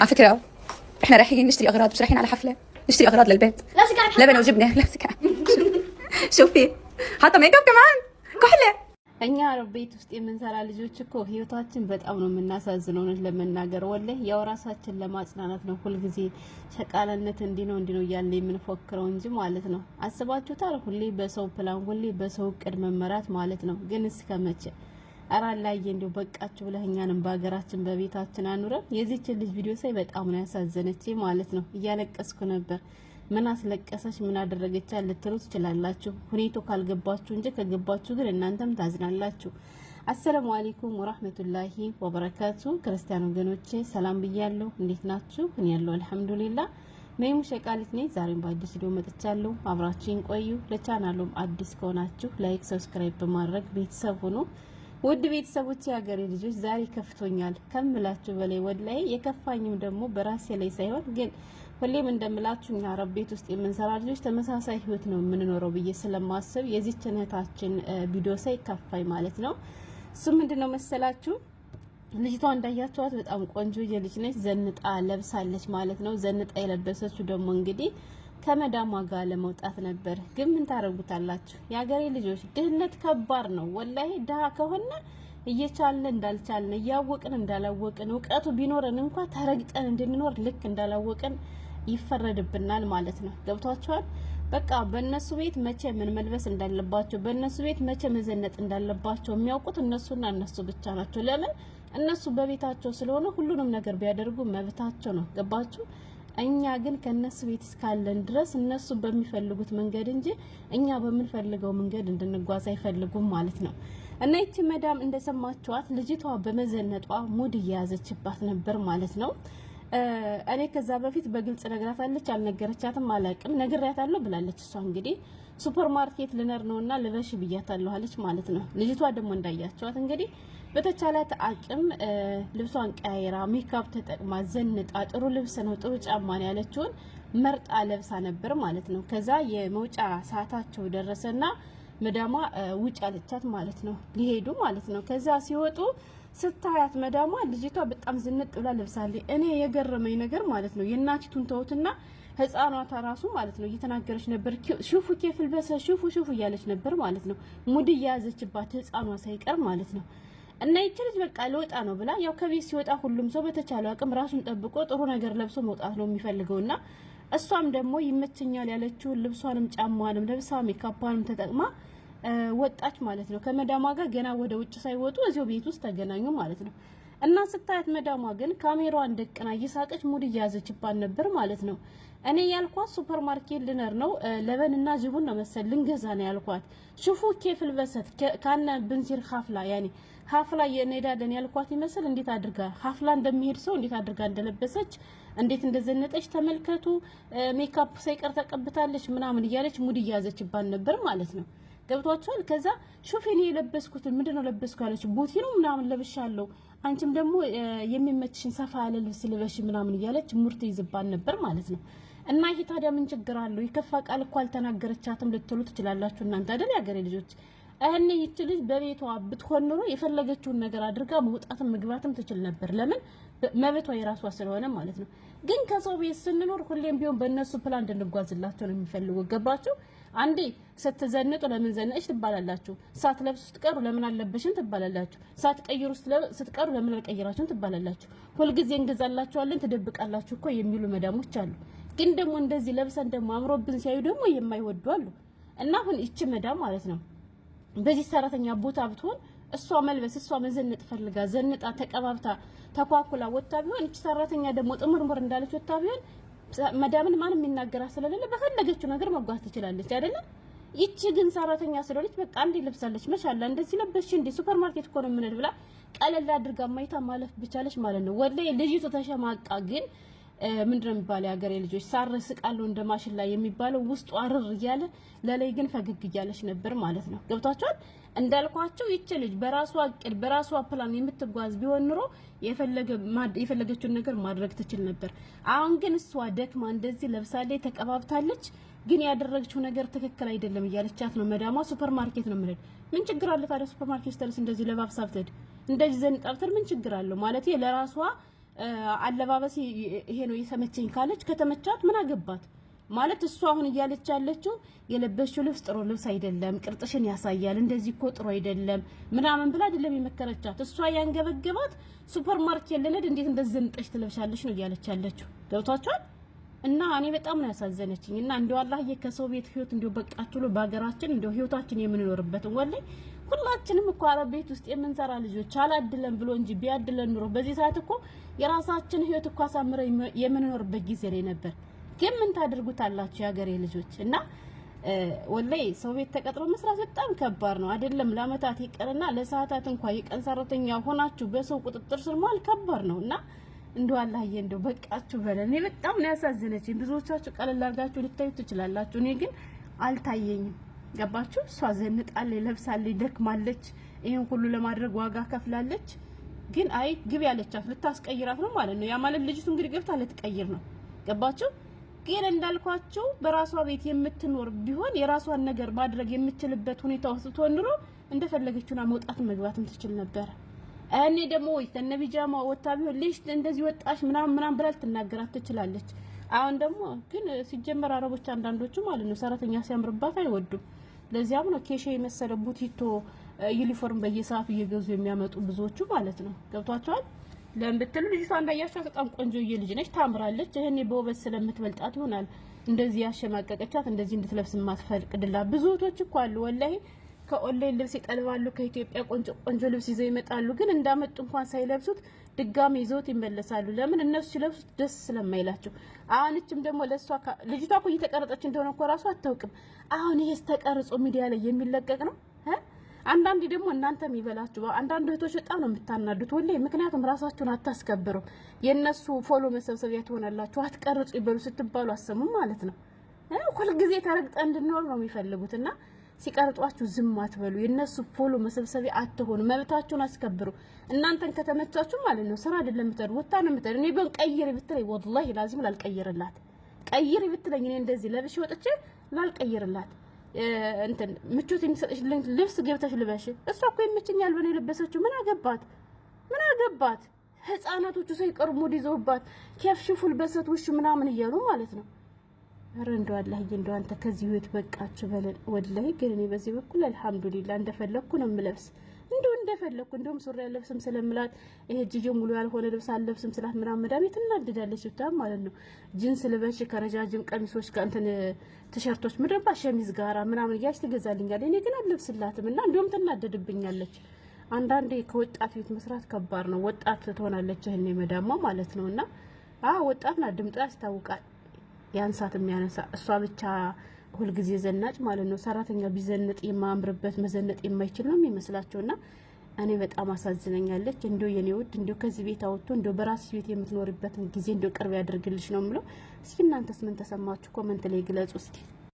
على فكره احنا رايحين نشتري اغراض مش رايحين على حفله نشتري اغراض للبيت لبن وجبنه لازقه شوفي حاطه ميك اب كمان كحله እኛ አረብ ቤት ውስጥ የምንሰራ ልጆች እኮ ህይወታችን በጣም ነው የምናሳዝነው። እውነት ለመናገር ወላሂ ያው ራሳችን ለማጽናናት ነው ሁልጊዜ ሸቃላነት እንዲህ ነው እንዲህ ነው እያለ የምንፎክረው እንጂ ማለት ነው። አስባችሁታል? ሁሌ በሰው ፕላን፣ ሁሌ በሰው እቅድ መመራት ማለት ነው። ግን እስከ መቼ ኧረ አላየ እንዲሁ በቃችሁ ብለህ እኛንም በሀገራችን በቤታችን አኑረን። የዚችን ልጅ ቪዲዮ ሳይ በጣም ነው ያሳዘነች ማለት ነው። እያለቀስኩ ነበር። ምን አስለቀሰች? ምን አደረገች ልትሉ ትችላላችሁ፣ ሁኔታው ካልገባችሁ እንጂ ከገባችሁ ግን እናንተም ታዝናላችሁ። አሰላሙ አለይኩም ወራህመቱላሂ ወበረካቱ። ክርስቲያን ወገኖቼ ሰላም ብያለሁ። እንዴት ናችሁ? እኔ ያለሁ አልሐምዱሊላ። መይሙ ሸቃሊት ነኝ። ዛሬም በአዲስ ቪዲዮ መጥቻለሁ። አብራችሁን ቆዩ። ለቻናሉም አዲስ ከሆናችሁ ላይክ፣ ሰብስክራይብ በማድረግ ቤተሰብ ሁኑ። ውድ ቤተሰቦች የሀገሬ ልጆች ዛሬ ከፍቶኛል ከምላችሁ በላይ ወላሂ የከፋኝም ደግሞ በራሴ ላይ ሳይሆን ግን ሁሌም እንደምላችሁ እኛ አረብ ቤት ውስጥ የምንሰራ ልጆች ተመሳሳይ ህይወት ነው የምንኖረው ብዬ ስለማስብ የዚች እህታችን ቪዲዮ ሳይ ከፋኝ ማለት ነው። እሱ ምንድን ነው መሰላችሁ ልጅቷ እንዳያቸዋት በጣም ቆንጆ የልጅ ነች። ዘንጣ ለብሳለች ማለት ነው። ዘንጣ የለበሰችው ደግሞ እንግዲህ ከመዳሟ ጋር ለመውጣት ነበር። ግን ምን ታደርጉታላችሁ? የሀገሬ ልጆች ድህነት ከባድ ነው። ወላሂ ድሃ ከሆነ እየቻልን እንዳልቻልን እያወቅን እንዳላወቅን እውቀቱ ቢኖረን እንኳ ተረግጠን እንድንኖር ልክ እንዳላወቅን ይፈረድብናል ማለት ነው። ገብቷችኋል? በቃ በእነሱ ቤት መቼ ምን መልበስ እንዳለባቸው፣ በእነሱ ቤት መቼ መዘነጥ እንዳለባቸው የሚያውቁት እነሱና እነሱ ብቻ ናቸው። ለምን? እነሱ በቤታቸው ስለሆነ ሁሉንም ነገር ቢያደርጉ መብታቸው ነው። ገባችሁ? እኛ ግን ከነሱ ቤት እስካለን ድረስ እነሱ በሚፈልጉት መንገድ እንጂ እኛ በምንፈልገው መንገድ እንድንጓዝ አይፈልጉም ማለት ነው። እና ይቺ መዳም እንደሰማችኋት ልጅቷ በመዘነጧ ሙድ እየያዘችባት ነበር ማለት ነው። እኔ ከዛ በፊት በግልጽ ነግራታለች፣ አልነገረቻትም አላቅም። ነግሬያታለሁ ብላለች። እሷ እንግዲህ ሱፐርማርኬት ልነር ነውና ልበሽ ብያታለኋለች ማለት ነው። ልጅቷ ደግሞ እንዳያቸዋት እንግዲህ በተቻላት አቅም ልብሷን ቀያይራ ሜካፕ ተጠቅማ ዘንጣ ጥሩ ልብስ ነው ጥሩ ጫማ ነው ያለችውን መርጣ ለብሳ ነበር ማለት ነው። ከዛ የመውጫ ሰዓታቸው ደረሰና መዳሟ ውጭ አለቻት ማለት ነው። ሊሄዱ ማለት ነው። ከዛ ሲወጡ ስታያት መዳሟ ልጅቷ በጣም ዝንጥ ብላ ለብሳለች። እኔ የገረመኝ ነገር ማለት ነው የእናቲቱን ተውትና ህፃኗታ ራሱ ማለት ነው እየተናገረች ነበር። ሹፉ ኬፍ ልበሰ ሹፉ ሹፉ እያለች ነበር ማለት ነው። ሙድ እየያዘችባት ህፃኗ ሳይቀር ማለት ነው። እና ይቺ ልጅ በቃ ልወጣ ነው ብላ ያው ከቤት ሲወጣ ሁሉም ሰው በተቻለው አቅም ራሱን ጠብቆ ጥሩ ነገር ለብሶ መውጣት ነው የሚፈልገው እና እሷም ደግሞ ይመቸኛል ያለችውን ልብሷንም ጫማዋንም ለብሳ ሜካፓንም ተጠቅማ ወጣች ማለት ነው። ከመዳሟ ጋር ገና ወደ ውጭ ሳይወጡ እዚሁ ቤት ውስጥ ተገናኙ ማለት ነው። እና ስታያት መዳሟ ግን ካሜራዋን ደቅና እየሳቀች ሙድ እያያዘችባት ነበር ማለት ነው። እኔ ያልኳት ሱፐር ማርኬት ልነር ነው ለበን እና ጅቡን ነው መሰል ልንገዛ ነው ያልኳት ሽፉ በሰት ካነ ብንዚር ካፍላ ያኔ ሀፍላ እንሄዳለን ያልኳት ይመስል እንዴት አድርጋ ሀፍላ እንደሚሄድ ሰው እንዴት አድርጋ እንደለበሰች እንዴት እንደዘነጠች ተመልከቱ። ሜካፕ ሳይቀር ተቀብታለች ምናምን እያለች ሙድ እያያዘችባን ነበር ማለት ነው። ገብቷቸዋል። ከዛ ሹፌ እኔ የለበስኩትን ምንድን ነው ለበስኩ ያለች ቦቲ ነው ምናምን ለብሻለሁ፣ አንቺም ደግሞ የሚመችሽን ሰፋ ያለ ልብስ ልበሽ ምናምን እያለች ሙርት ትይዝባን ነበር ማለት ነው። እና ይሄ ታዲያ ምን ችግር አለው? የከፋ ቃል እኮ አልተናገረቻትም ልትሉ ትችላላችሁ እናንተ አይደል የአገሬ ልጆች እህን ይቺ ልጅ በቤቷ ብትሆን የፈለገችውን ነገር አድርጋ መውጣትም መግባትም ትችል ነበር። ለምን መብቷ የራሷ ስለሆነ ማለት ነው። ግን ከሰው ቤት ስንኖር ሁሌም ቢሆን በእነሱ ፕላን እንድንጓዝላቸው ነው የሚፈልጉ። ገባችሁ? አንዴ ስትዘንጡ ለምን ዘነች ትባላላችሁ። ሳትለብሱ ስትቀሩ ለምን አለበሽን ትባላላችሁ። ሳትቀይሩ ስትቀሩ ለምን አልቀይራችሁን ትባላላችሁ። ሁልጊዜ እንገዛላችኋለን ትደብቃላችሁ እኮ የሚሉ መዳሞች አሉ። ግን ደግሞ እንደዚህ ለብሰን ደግሞ አምሮብን ሲያዩ ደግሞ የማይወዱ አሉ። እና አሁን ይቺ መዳም ማለት ነው በዚህ ሰራተኛ ቦታ ብትሆን እሷ መልበስ እሷ መዘነጥ ፈልጋ ዘንጣ ተቀባብታ ተኳኩላ ወጣ ቢሆን እቺ ሰራተኛ ደግሞ ጥምርምር እንዳለች ወጣ ቢሆን መዳምን ማንም የሚናገራት ስለሌለ በፈለገችው ነገር መጓዝ ትችላለች አይደለ? ይቺ ግን ሰራተኛ ስለሆነች በቃ አንዴ ለብሳለች መሻላ እንደዚህ ለበሽ እንዴ ሱፐርማርኬት እኮ ነው የምንሄድ ብላ ቀለል አድርጋ ማይታ ማለፍ ብቻለች ማለት ነው። ወላሂ ልጅቱ ተሸማቃ ግን ምንድነው የሚባለው የሀገሬ ልጆች ሳር ስቃሉ እንደ ማሽላ የሚባለው ውስጡ አርር እያለ ለላይ ግን ፈገግ እያለች ነበር ማለት ነው። ገብቷቸዋል። እንዳልኳቸው ይች ልጅ በራሷ እቅድ በራሷ ፕላን የምትጓዝ ቢሆን ኑሮ የፈለገችውን ነገር ማድረግ ትችል ነበር። አሁን ግን እሷ ደክማ እንደዚህ ለብሳሌ ተቀባብታለች። ግን ያደረገችው ነገር ትክክል አይደለም እያለቻት ነው መዳሟ። ሱፐር ማርኬት ነው የምልህ። ምን ችግር አለ ታዲያ? ሱፐር ማርኬት ስተልስ እንደዚህ ለባብሳ ብትሄድ እንደዚህ ዘንጣ ብትሄድ ምን ችግር አለው ማለት ለራሷ አለባበስ ይሄ ነው የተመቸኝ ካለች ከተመቻት ምን አገባት ማለት እሱ አሁን እያለች ያለችው የለበሽው ልብስ ጥሩ ልብስ አይደለም፣ ቅርጥሽን ያሳያል፣ እንደዚህ እኮ ጥሩ አይደለም ምናምን ብላ አይደለም የመከረቻት። እሷ ያንገበገባት ሱፐር ማርኬት ልንሄድ እንዴት እንደዚህ ዘንጠሽ ትለብሻለሽ ነው እያለች ያለችው። ገብቷችኋል? እና እኔ በጣም ነው ያሳዘነችኝ። እና እንደው አላህ ከሰው ቤት ህይወት እንደው በቃችሁ ብሎ በሀገራችን እንደው ህይወታችን የምንኖርበት ወላሂ ሁላችንም እኮ አረብ ቤት ውስጥ የምንሰራ ልጆች አላድለን ብሎ እንጂ ቢያድለን ኑሮ በዚህ ሰዓት እኮ የራሳችን ህይወት እኮ አሳምረ የምንኖርበት ጊዜ ላይ ነበር። ግን ምን ታደርጉታላችሁ የሀገሬ ልጆች እና ወላይ ሰው ቤት ተቀጥሮ መስራት በጣም ከባድ ነው። አይደለም ለአመታት ይቀርና ለሰዓታት እንኳ የቀን ሰራተኛ ሆናችሁ በሰው ቁጥጥር ስር መዋል ከባድ ነው እና እንደ አላየ እንደው በቃችሁ በለን። እኔ በጣም ነው ያሳዘነችኝ። ብዙዎቻችሁ ቀለል አድርጋችሁ ልታዩት ትችላላችሁ። እኔ ግን አልታየኝም። ገባችሁ? እሷ ዘንጣለች፣ ለብሳለች፣ ደክማለች፣ ይሄን ሁሉ ለማድረግ ዋጋ ከፍላለች። ግን አይ ግብ ያለቻት ልታስቀይራት ነው ማለት ነው። ያ ማለት ልጅቱ እንግዲህ ገብታ ልትቀይር ነው። ገባችሁ? ግን እንዳልኳቸው በራሷ ቤት የምትኖር ቢሆን የራሷን ነገር ማድረግ የምትችልበት ሁኔታ ውስጥ ሆኖ እንደፈለገችውና መውጣት መግባትም ትችል ነበር። እኔ ደግሞ ወይ ተነቢጃማ ወጣ ቢሆን ልጅ እንደዚህ ወጣሽ ምናምን ምናምን ብላ ልትናገራት ትችላለች። አሁን ደግሞ ግን ሲጀመር አረቦች አንዳንዶቹ ማለት ነው ሰራተኛ ሲያምርባት አይወዱም። ለዚያም ነው ኬሻ የመሰለ ቡቲቶ ዩኒፎርም በየሰዓቱ እየገዙ የሚያመጡ ብዙዎቹ ማለት ነው። ገብቷቸዋል። ለምን ብትሉ ልጅቷ እንዳያቸው በጣም ቆንጆዬ ልጅ ነች፣ ታምራለች። ይሄኔ በውበት ስለምትበልጣት ይሆናል እንደዚህ ያሸማቀቀቻት እንደዚህ እንድትለብስ ማትፈቅድላት ብዙቶች እኮ አሉ ወላሂ ከኦንላይን ልብስ ይጠልባሉ። ከኢትዮጵያ ቆንጆ ቆንጆ ልብስ ይዘው ይመጣሉ። ግን እንዳመጡ እንኳን ሳይለብሱት ድጋሚ ይዘውት ይመለሳሉ። ለምን? እነሱ ሲለብሱት ደስ ስለማይላቸው። አሁንችም ደግሞ ለእሷ ልጅቷ እኮ እየተቀረጠች እንደሆነ እኮ ራሱ አታውቅም። አሁን ይሄስ ተቀርጾ ሚዲያ ላይ የሚለቀቅ ነው። አንዳንድ ደግሞ እናንተ የሚበላችሁ አንዳንድ እህቶች በጣም ነው የምታናዱት ወላሂ። ምክንያቱም ራሳችሁን አታስከብሩ። የእነሱ ፎሎ መሰብሰቢያ ትሆናላችሁ። አትቀርጹ ይበሉ ስትባሉ አሰሙም ማለት ነው። ሁልጊዜ ተረግጠ እንድንኖር ነው የሚፈልጉት እና ሲቀርጧችሁ ዝም አትበሉ። የነሱ ፖሎ መሰብሰቢያ አትሆኑ። መብታችሁን አስከብሩ። እናንተን ከተመቻችሁ ማለት ነው። ስራ አይደለም የምትሄዱ ወታ ነው የምትሄዱ። እኔ ቢሆን ቀይሪ ብትለኝ ወላሂ ላዚም ላልቀይርላት። ቀይሪ ብትለኝ እኔ እንደዚህ ለብሽ ወጥቼ ላልቀይርላት። እንትን ምቾት የሚሰጥሽ ልብስ ገብተሽ ልበሽ። እሷ እኮ ይመቸኛል ብላ የለበሰችው ምን አገባት? ምን አገባት? ህፃናቶቹ ሳይቀሩ ሞድ ይዘውባት ኬፍ ሽፉል በሰት ውሽ ምናምን እያሉ ማለት ነው ኧረ እንደው አላህዬ እንደው አንተ ከዚህ ህይወት በቃች በለን። ወላሂ ግን እኔ በዚህ በኩል አልሐምዱሊላ እንደፈለግኩ ነው የምለብስ እንደው እንደፈለግኩ እንደውም ሱሪ አልለብስም ስለምላት ይሄ እጅዬ ሙሉ ያልሆነ ልብስ አለብስም ስላት ምናምን መዳሜ ትናድዳለች። ብታ ማለት ነው። ጅንስ ልበሽ ከረጃጅም ቀሚሶች ጋር እንትን ቲሸርቶች ምድረባ ሸሚዝ ጋራ ምናምን እያች ትገዛልኛል። እኔ ግን አልብስላትም እና እንዲሁም ትናደድብኛለች። አንዳንዴ ከወጣት ቤት መስራት ከባድ ነው። ወጣት ትሆናለች ይህኔ መዳማ ማለት ነው እና ወጣት ና ድምጧ ያስታውቃል። ያንሳት የሚያነሳ እሷ ብቻ ሁልጊዜ ዘናጭ ማለት ነው። ሰራተኛ ቢዘንጥ የማያምርበት መዘነጥ የማይችል ነው የሚመስላቸው እና እኔ በጣም አሳዝነኛለች። እንዲ የኔ ውድ እንዲ ከዚህ ቤት አውጥቶ እንዲ በራስሽ ቤት የምትኖርበትን ጊዜ እንዲ ቅርብ ያደርግልሽ ነው ምለው። እስኪ እናንተስ ምን ተሰማችሁ? ኮመንት ላይ ግለጹ እስኪ።